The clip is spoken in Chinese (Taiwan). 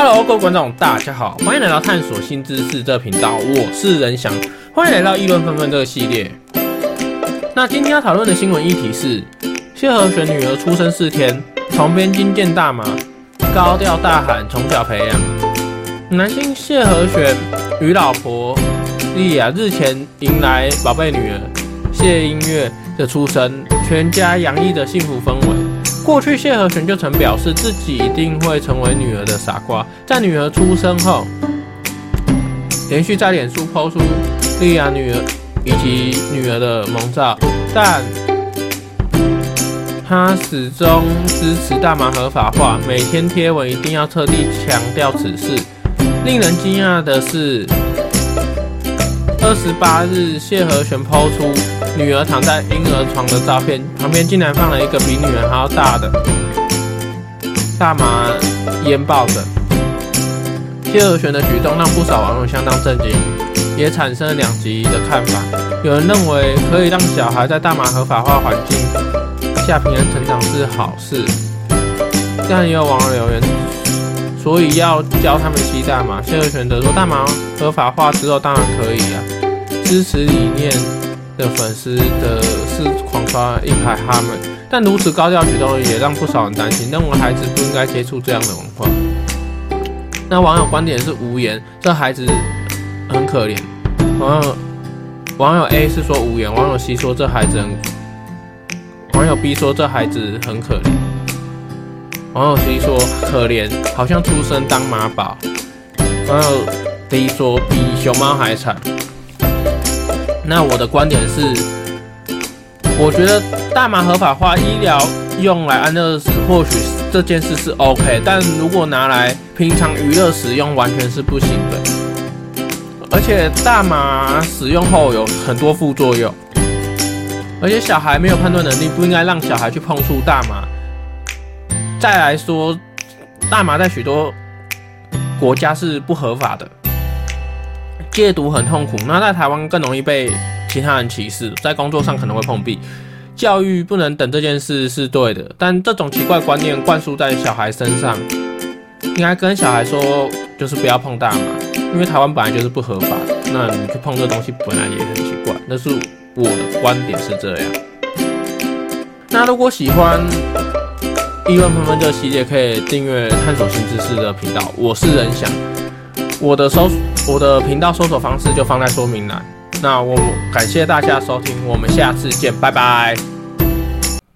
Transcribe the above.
Hello，各位觀眾，大家好，歡迎來到探索新知識這頻道，我是仁翔，歡迎來到議論紛紛這個系列。那今天要討論的新聞議題是謝和弦女兒出生四天，床邊驚見大麻，高調大喊從小培養。男星謝和弦與老婆莉亞日前迎來寶貝女兒謝音樂的出生，全家洋溢著幸福氛圍。過去，謝和弦就曾表示自己一定會成為女兒的傻瓜。在女兒出生後，連續在臉書 PO 出莉亞女兒以及女兒的萌照，但他始終支持大麻合法化，每天貼文一定要特地強調此事。令人驚訝的是。二十八日，謝和弦拋出女兒躺在嬰兒床的照片，旁邊竟然放了一個比女兒還要大的大麻菸爆的。謝和弦的舉動讓不少網友相當震驚，也產生了兩極的看法。有人認為可以讓小孩在大麻合法化環境下平安成長是好事，但也有網友留言。所以要教他們吸大麻嘛。謝和弦則說：“大麻合法化之後當然可以啊，支持理念的粉絲的是狂刷一排他們。”但如此高調舉動，也讓不少人擔心，認為孩子不應該接觸這樣的文化。那網友觀點是無言，這孩子很可憐。網友網友 A 是說無言，網友 C 說這孩子很，網友 B 說這孩子很可憐。網友 C 說可憐，好像出生當媽寶。網友 D 說比熊貓還慘。那我的觀點是，我覺得大麻合法化，醫療用來安樂死或許這件事是 OK，但如果拿來平常娛樂使用，完全是不行的。而且大麻使用後有很多副作用，而且小孩沒有判斷能力，不應該讓小孩去碰觸大麻。再來說，大麻在許多國家是不合法的，戒毒很痛苦。那在台灣更容易被其他人歧視，在工作上可能會碰壁。教育不能等這件事是對的，但這種奇怪觀念灌輸在小孩身上，應該跟小孩說，就是不要碰大麻，因為台灣本來就是不合法的。那你去碰這東西本來也很奇怪。但是我的觀點是這樣。那如果喜歡。議論紛紛這個系列可以訂閱探索新知識的頻道，我是仁翔我，我的搜，我的頻道搜索方式就放在說明欄。那我感謝大家收聽，我們下次見，拜拜。